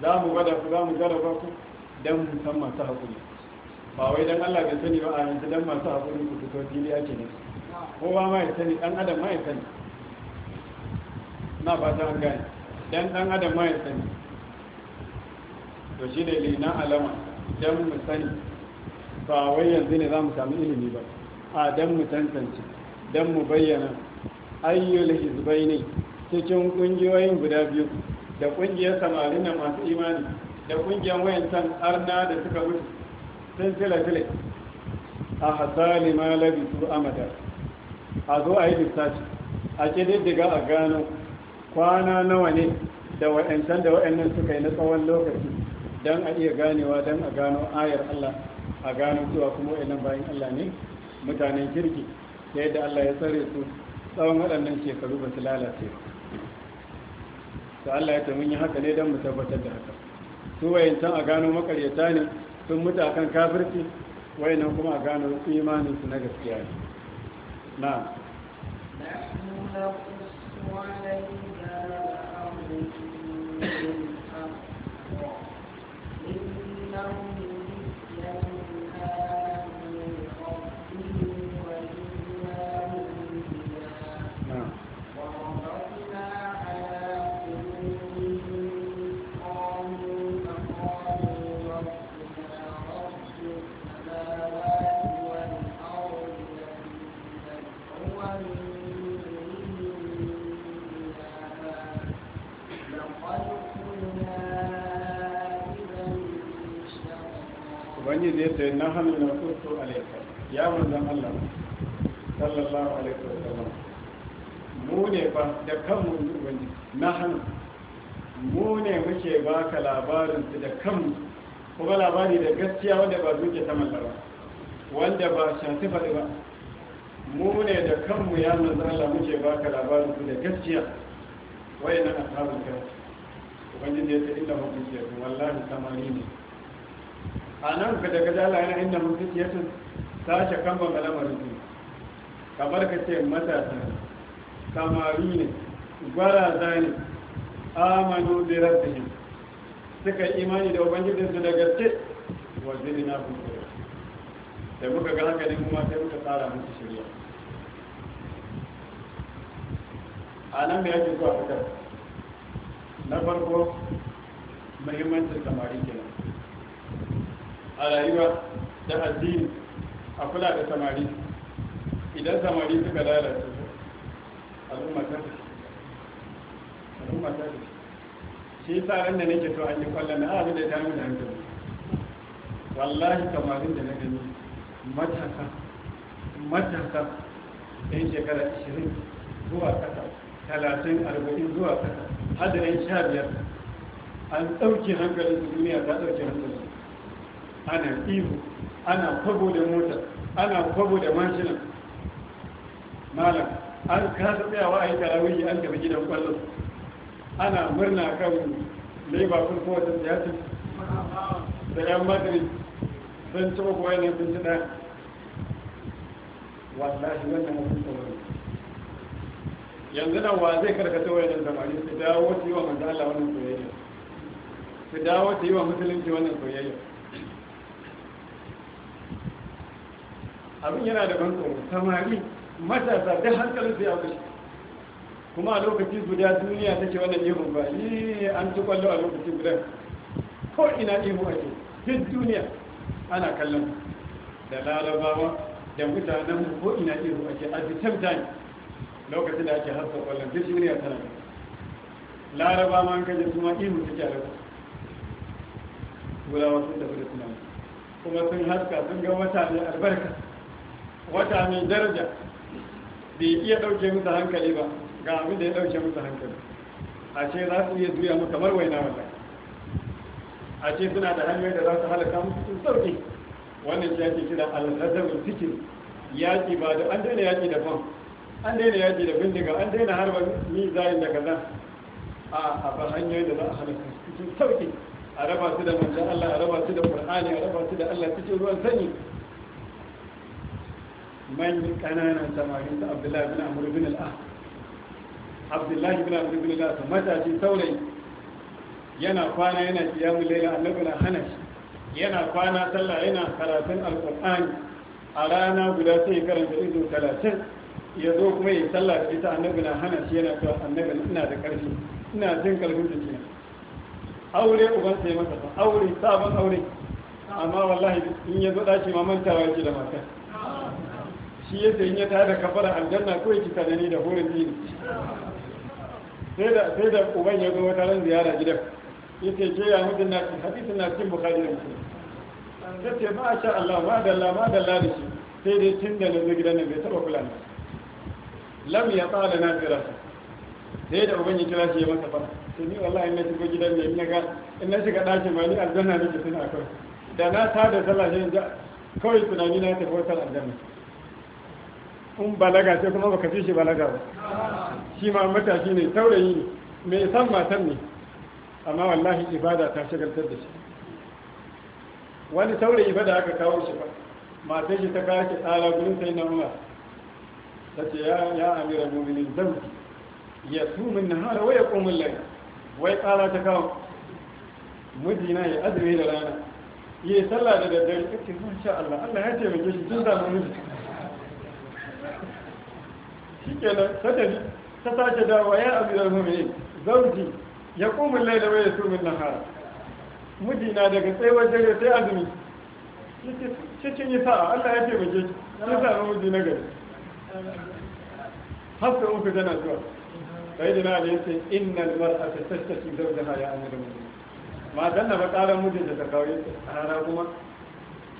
za mu gada ku za mu jarraba ku dan musamman ta hakuri ba wai dan Allah bai sani ba a yanzu dan masu hakuri ku fito fili ake ne kowa ma ya sani dan adam ma ya sani na fata an gane dan dan adam ma ya sani to shi ne lina alama dan mu sani ba wai yanzu ne za mu samu ilimi ba a dan mu tantance dan mu bayyana ayyul hizbaini cikin kungiyoyin guda biyu da kungiyar samarin masu imani da kungiyar wayan san arna da suka mutu Sun silsila a hasali ma labisu amada a zo a yi lissafi a ƙididdiga a gano kwana nawa ne da wa'ancan da wa'annan suka yi na tsawon lokaci don a iya ganewa don a gano ayar Allah a gano cewa kuma wa'annan bayan Allah ne mutanen kirki da yadda Allah ya tsare su tsawon waɗannan shekaru ba su lalace ba Allah ya mun yi haka ne don mu tabbatar da haka su wa'yancan a gano makaryata ne sun mutu akan kafirci wayannan kuma a gano imanin su na gaskiya ne na ce na hannu na kusto ya Allah sallallahu alaihi wa sallam mu ne ba da kanmu wani na hannu mu ne muke ka labarin su da kanmu kuma labari da gaskiya wanda ba zuke ta mallara wanda ba shafi faɗi ba mu ne da kanmu ya manzan Allah muke ka labarin su da gaskiya wayannan ashabul kahf ubangiji ya ce inda mutum ke wallahi samari ne a nan ka daga dala yana inda mun fi sun sashe kan bangalamar su kamar ka ce matasa samari ne gwaraza ne amanu da rabbihim suka yi imani da ubangijin su da gaske wa zirina kun da muka ga haka ne kuma sai muka tsara musu shirya a nan da yake zuwa fitar na farko muhimmancin samari kenan a rayuwa da addini a kula da samari idan samari suka lalata al'umma ta al'umma ta shi tsarin da nake to an yi kwallon na abin da ya mu da hankali wallahi samarin da na gani matasa matasa yan shekara 20 zuwa kasa talatin, arba'in, zuwa kasa har da yan sha biyar an ɗauke hankalin duniya ta ɗauke hankalin ana ihu ana kwabo da mota ana kwabo da mashinan malam an kasa tsayawa a yi tarawih an tafi gidan kwallon ana murna kan laiba kun kowace siyasa da yan madrid sun ci uku wani sun ci ɗaya wallahi wannan mutum tsawon yanzu nan wa zai karkata wayan zamani su dawo ta yi wa manzo wannan soyayya su dawo ta yi wa musulunci wannan soyayya abin yana da ban tsoro samari matasa da hankalin su ya wuce kuma a lokaci guda duniya take wannan ihun ba yi an ci kwallo a lokaci guda ko ina ihu ake duk duniya ana kallon da larabawa da mutanen mu ko ina ihu ake a the same time lokacin da ake hasa kwallon duk duniya tana laraba ma an kaje kuma ihu take a lokaci turawa sun tafi da tunani kuma sun haska sun ga mutane albarka wata mai daraja bai iya ɗauke musu hankali ba ga abin da ya ɗauke musu hankali a ce za su iya zuya mu kamar waina wata a ce suna da hanyoyi da za su halaka musu sun sauƙi wannan shi ake kira alhazabin cikin yaƙi ba da an daina yaƙi da fam an daina yaƙi da bindiga an daina harba mizayin da kaza a ba hanyoyi da za a halaka cikin sauƙi a raba su da manzan Allah a raba su da Qur'ani a raba su da Allah cikin ruwan sanyi manyan ƙananan samarin da abdullahi bin amur bin abdullahi bin amur bin al'ah matashi saurayi yana kwana yana kiyamun laila annabi na hana shi yana kwana sallah yana karatun alƙur'ani a rana guda sai ya karanta izo talatin ya kuma ya sallah da ita annabi na hana shi yana cewa ina da ƙarfi ina jin aure uban sai masa aure sabon aure amma wallahi in ya zo ɗaci ma mantawa yake da matar shi ya sayi ya tada kafara aljanna ko yake tsanani da horin dini sai da sai da uban ya zo wata ran ziyara gidan yace ke ya mutun na hadisin na cikin bukhari da muslim sai ce ma sha Allah ma dalla ma dalla da shi sai dai tun da nan gidan nan bai taba kula ne lam ya tsala na firasa sai da uban ya kira shi ya masa fara sai ni wallahi ina shi gidan ne ina ga Ina shi shiga ɗakin ma ni aljanna ne ke suna akwai da na tada sallah sai kawai tunani na tafi wata aljanna in balaga sai kuma baka fi shi balaga ba shi ma matashi ne taurayi ne mai san matan ne amma wallahi ibada ta shagaltar da shi wani taurayi ba da aka kawo shi ba matan shi ta kawo shi tsara gurin sai na umar ta ce ya amira muminin zan ya tumin na hara waya komin lai wai tsara ta kawo mijina ya azumi da rana yi sallah da daddare ake masha Allah Allah ya taimake shi tun samu miji shi kenan sadari ta sake dawa ya amiral mu'minin zauji ya kumun laila wa ya sumin nahara mijina daga tsayuwar dare sai azumi cikin yi sa'a Allah ya taimake shi sai sa muji na gari hafsa uku tana zuwa sai dina ne sai innal mar'ata tashtaki zawjaha ya da mu'minin ma danna ba tsaran mijinta ta kawo a rana kuma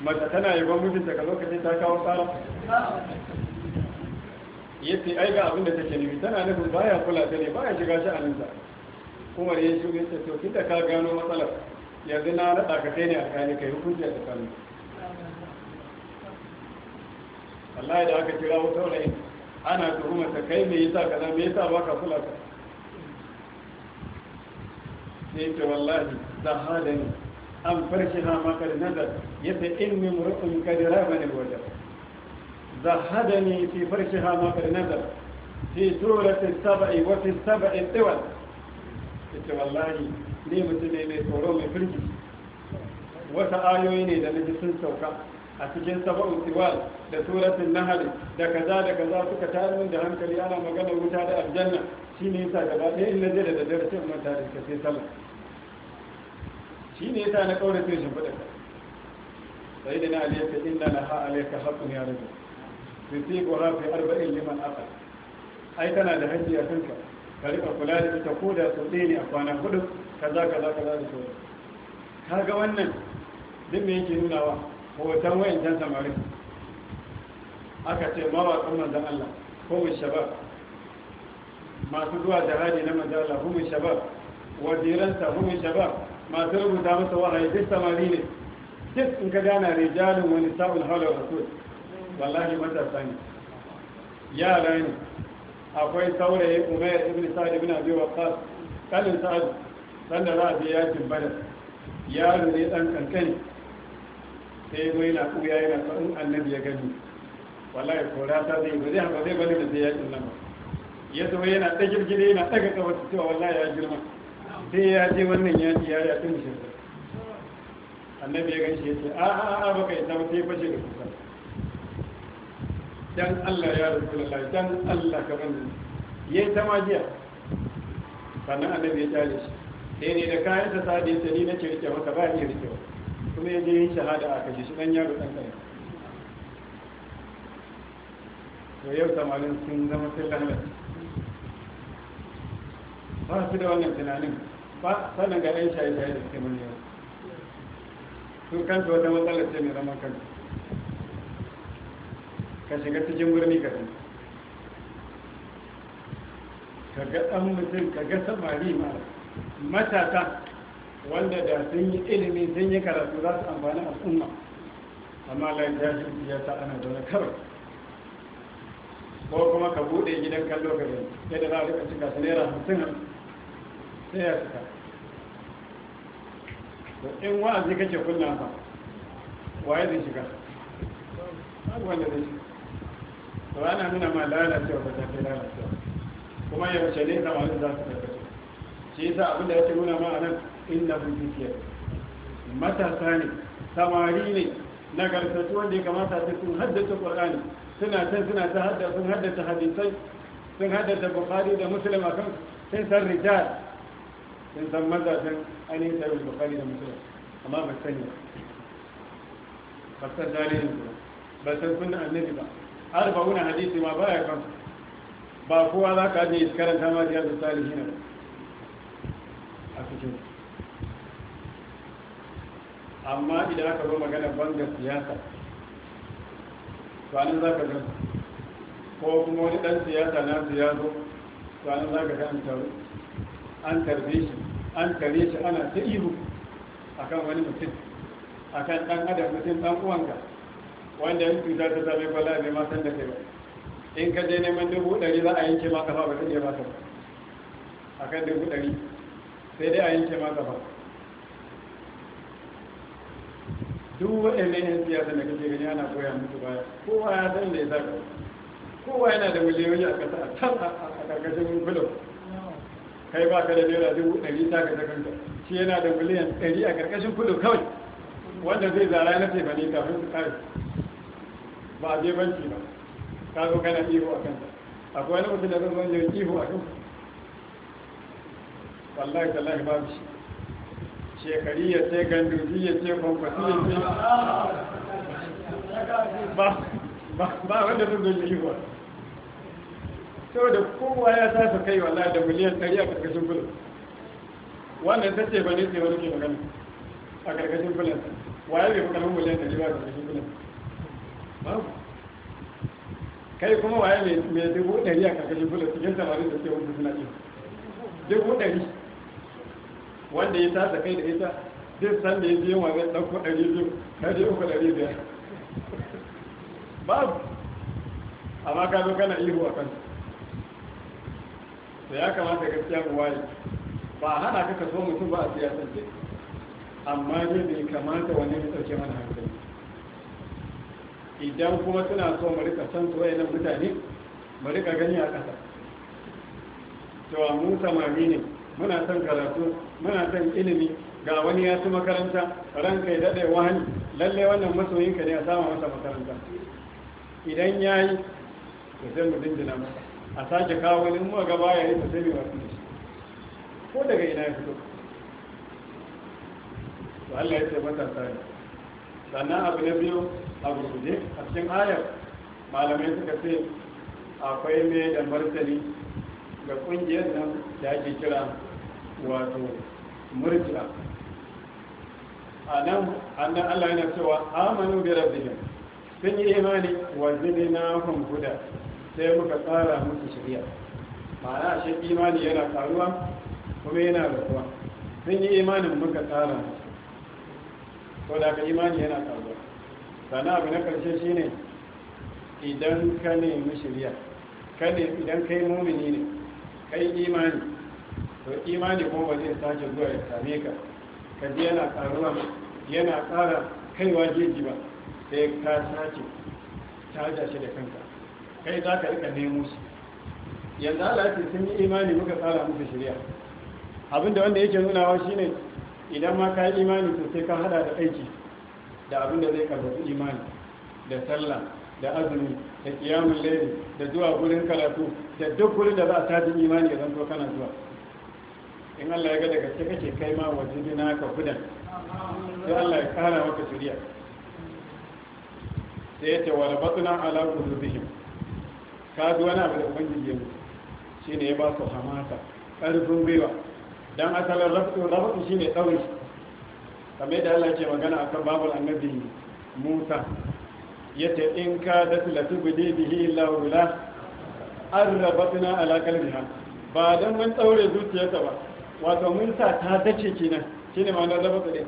mace tana yi ba mijinta ka lokacin ta kawo tsara yace ai ga abin da take nufi tana nufin baya kula ta ne baya shiga sha'aninta kuma ya shi ya ce to tunda ka gano matsalar yanzu na naɗa ka kai ne a kane kai hukunci a tsakanin Allah da aka kira wata wani ana tuhuma ta kai me yasa kaza me yasa baka kula ta sai ce wallahi da halani an farshi na makar nazar yace inni mur'un kadirama ne wajen زهدني في فرشها ما قد نزل في سورة السبع وفي السبع الدول ita wallahi ne mutum ne mai tsoro mai firki wata ayoyi ne da naji sun sauka a cikin saba'un tiwal da suratun nahari da kaza da kaza suka tarin da hankali ana magana wuta da aljanna shi ne yasa gaba ɗaya in naje da daddare sai manta da sai sallah shi ne yasa na kaurace shi fada sai da na aliyaka inna laha alayka haqqun ya rabbi riti fi arba'in liman aka ai tana da hajji a kanka ka riƙa kula da ita ko da sau ɗaya ne a kwana hudu kaza kaza kaza da sauran ka ga wannan duk me yake nunawa hoton wayan can samarin aka ce mawaƙan manzan Allah ko mai shabab masu zuwa jihadi na manzan Allah ko mai shabab waziransa ko shabab masu rubuta masa wahayi duk samari ne duk in ka gana rijalin wani sa'ul haula rasul wallahi matasa ne yara ne akwai saurayi umar ibn sa'ad ibn abi waqqas kalin sa'ad dan da za a je yakin badar yaro ne dan kankani sai zo yana kuya yana faɗin annabi ya gani wallahi kora ta zai ba zai haka zai bani da sai yakin nan ba ya zo yana ta girgire yana daga kawar cewa wallahi ya girma sai ya je wannan yaki ya ya tun shi annabi ya shi ya ce a a a baka yi ta sai fashe da kusa dan Allah ya rasulullahi dan Allah ka bani yayi ta majiya sannan annabi ya tare shi sai ne da kayan ta sadi ta ni nake rike maka ba ni rike kuma yaje yin shahada a kashi shi dan yaro dan kai to yau samarin sun zama sun lalace ba su da wannan tunanin ba sanin ga ɗan shaye-shaye da suke mun yau su kanta wata matsalar ce mai zaman kanta ka shiga cikin birni ka tafi ka ga ɗan mutum ka ga samari matata wanda da sun yi ilimi sun yi karatu za su amfani al'umma amma lafiya shi ya sa ana zaune kawai ko kuma ka buɗe gidan kallo ka gani yadda za a rika cika su naira hamsin sai ya cika to in wa'azi kake kunna ba ya zai shiga wanda zai shiga to ana nuna ma lalacewa ba ta kai lalacewa kuma yaushe ne samarin za su tabbatar shi yasa abin da yake nuna ma a nan inna bujisiya matasa ne samari ne nagartattu wanda ya kamata ta sun haddace qur'ani suna can suna ta haddace sun haddace hadisai sun haddace bukhari da muslim akan sun san rijal sun san mazajen ainihin sahih bukhari da muslim amma ba sani ba ba san dalilin ba ba san sunna annabi ba arba'una hadisi ma baya kan ba kowa za ka ajiye karanta ma da riyadu salihin a cikin amma idan aka zo magana banda siyasa tsanin za ka gan ko kuma wani ɗan siyasa na siyasa tsanin za ka gan taru an karbe shi an kare shi ana ta ihu akan wani mutum akan ɗan adam mutum dan uwanka wanda ya cuta ta same bala ne ma san da kai ba in ka je neman dubu ɗari za a yanke ma kafa ba zai iya ba a kan dubu ɗari sai dai a yanke ma kafa duk waɗannan yan siyasa da kake gani ana koya musu baya kowa ya san da ya zaka kowa yana da miliyoyi a ƙasa a can a ƙarƙashin kulo kai ba ka da naira dubu ɗari ta ka kanka shi yana da miliyan ɗari a ƙarƙashin kulo kawai wanda zai zara na tebani kafin su kare. ba a je banki ba ka zo kana ihu a kanta akwai wani mutum da zai zo yin ihu a kan wallahi tallahi ba shi shekari ya ce ganduji ya ce kwamfasi ya ce ba wanda zan zan ihu a da kowa ya sa su kai wallahi da miliyan ɗari a ƙarƙashin gudun wanda ta ce ba ne ce wani ke magana a ƙarƙashin gudun waye bai fi ƙarfin miliyan ɗari ba a ƙarƙashin gudun kai kuma waye mai dubu ɗari a ƙarƙashin kula cikin samarin da ke wani suna ce dubu ɗari wanda ya tasa kai da ita duk san da ya biyan wa zai ɗauko ɗari biyu ɗari uku ɗari biyar babu amma ka zo kana ihu a kansu da ya kamata gaskiya mu waye ba a hana ka kaso mutum ba a siyasance amma ne bai kamata wani ya ɗauke mana hankali idan kuma suna so mu rika san soyayyen mutane mu rika gani a ƙasa to mun samari ne muna son karatu muna son ilimi ga wani ya ci makaranta ranka ya daɗe wani lallai wannan masoyinka ne a sama masa makaranta idan ya yi to sai mu dindina masa a sake kawo wani mu gaba ya yi to sai mu wasu ko daga ina ya fito to Allah ya ce mata sai sannan abu na biyu su ne a cikin ayar malamai suka ce akwai mai da martani ga kungiyar nan da ake kira wato murjiya. a nan da allah yana cewa amanu bi rabbihim sun yi imani wa na hun guda sai muka tsara musu shari'a ma'ana shi imani yana karuwa kuma yana rasuwa. sun yi imanin muka tsara musu ko da ka imani yana karuwa sannan abu na ƙarshe shi ne idan ka nemi shirya idan kai mumini ne kai imani to imani kuma ba zai sake zuwa ya same ka ka ji yana ƙaruwa yana ƙara kaiwa jeji ba sai ka sake caja shi da kanka kai za ka rika nemo shi yanzu ala yake sun yi imani muka tsara musu shirya abinda wanda yake nunawa shine idan ma ka yi imani to sai ka hada da aiki da abin da zai karfafi imani da sallah da azumi da kiyamun laili da zuwa wurin karatu da duk wurin da za a tajin imani ya zanto kana zuwa in Allah ya ga daga gaske kake kai ma wajibina ka kudan sai Allah ya kara maka shirya sai ya ce wa na ala qulubihim ka zuwa wani abu da ubangiji ya mutu shine ya ba su hamata karfin gwiwa don asalin rabatu shi shine tsauri kamar yadda Allah ke magana akan babul annabi Musa yace in ka da latubdi bihi illa wala arrabatna ala qalbiha ba dan mun tsaure zuciyarsa ba wato mun sa ta dace kenan shine ma na zaba tsare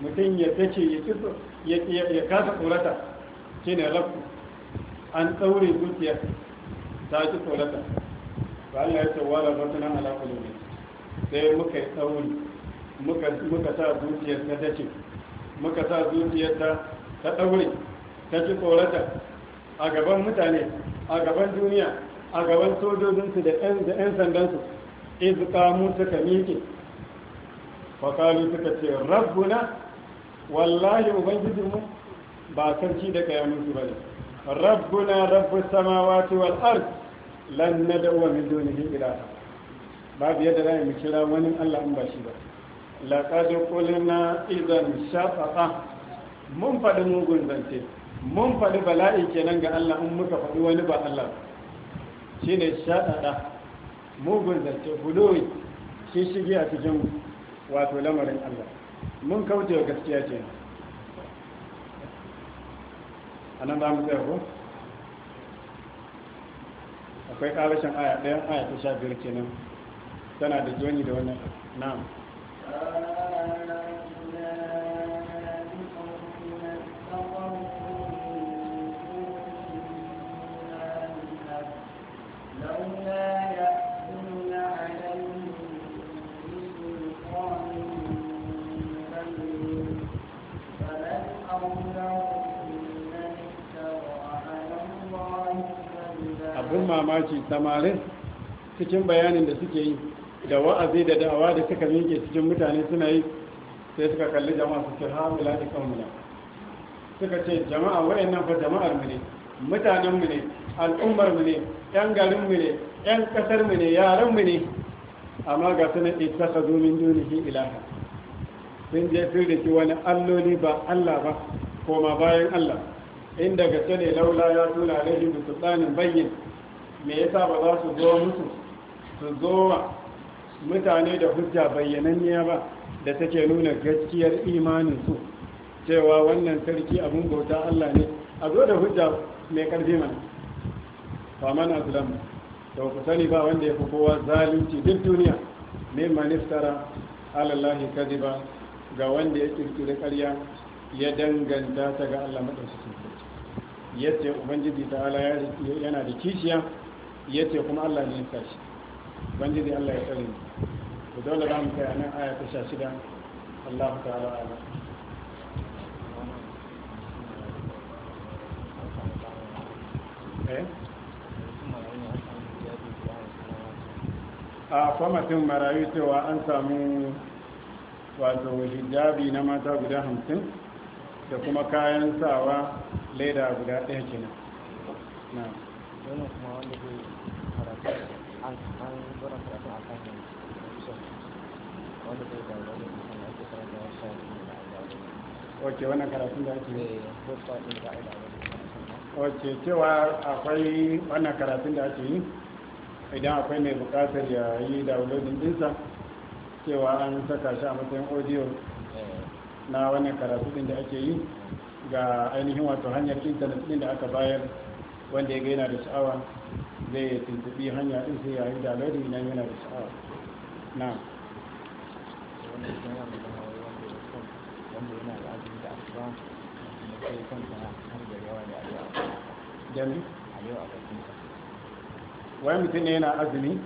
mutum ya dace ya kitso ya kasa tsorata shine rafu an tsaure zuciyarta ta ci tsorata ba Allah ya ce wala batna ala qalbiha sai muka yi muka sa zuciyar ta dace muka sa zuciyar ta ta daure ta ci korata a gaban mutane a gaban duniya a gaban sojojinsu da 'yan sandansu iz kamu suka miƙe fakalu suka ce rabbuna wallahi ubangijinmu ba sarki da kayaninsu ba ne rabbuna rabbu samawati wal ard lan uwa min dunihi ba biyar da za mu kira wani Allah in ba shi ba laƙadu kulina idan shafafa mun faɗi mugun zance mun faɗi bala'i kenan ga Allah in muka faɗi wani ba Allah shi ne mugun zance hulowi shi shige a cikin wato lamarin Allah mun kauce wa gaskiya ce a nan za mu tsaye ko akwai ƙarashin aya ɗayan aya ta sha biyar kenan tana da joni da wannan na'am samarin cikin bayanin da suke yi da wa'azi da da'awa da suka miƙe cikin mutane suna yi sai suka kalli jama'a suke ce da suka ce jama'a wa'in nan fa jama'ar mu ne mutanen mu ne al'ummar mu ne yan garin mu ne yan kasar mu ne yaran mu ne amma ga ka ittakhadhu min shi ilaha sun je sun riki wani alloli ba Allah ba koma bayan Allah inda gaske ne laula ya tura alaihi su tsanin bayyana. me yasa ba za su zo musu su zo mutane da hujja bayyananniya ba da take nuna gaskiyar imanin su cewa wannan sarki abin bauta Allah ne a zo da hujja mai karfi mana faman azlam to ku sani ba wanda ya fi kowa zalunci duk duniya mai maniftara alallahi kadiba ga wanda ya kirkiri karya ya danganta ta ga Allah madaukakin sarki yace ubangiji ta'ala yana da kishiya ya ce kuma Allah ne ya sa shi banji dai Allah ya tsare ni to dole za mu kai a nan aya ta 16 Allah ta'ala ala eh a kwamatin marayu cewa an samu wato hijabi na mata guda hamsin da kuma kayan sawa leda guda ɗaya kenan na kuma wanda an ok wannan karatun da ake ok cewa akwai wannan karatun da ake yi idan akwai mai bukatar ya yi downloading dinsa cewa an saka shi a matsayin audio na wannan karatu din da ake yi ga ainihin wato hanyar intanet din da aka bayar wanda ya gaina da sha'awa zai tuntubi hanya din sai yayi da lari nan yana da sa'a na wani mutum ne yana azumi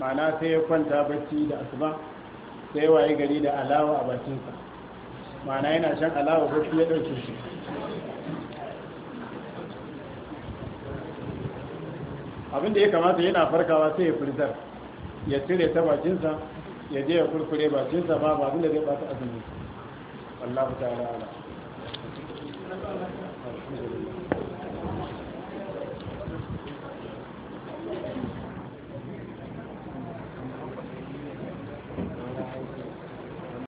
ma'ana sai ya kwanta bacci da asuba sai waye gari da alawa a bakinsa ma'ana yana shan alawa bacci ya ɗauke shi abin da ya kamata yana farkawa sai ya furtar ya cire ta bakinsa ya je ya kurkure bakinsa ba ba abin da zai ta azumi Allah ta'ala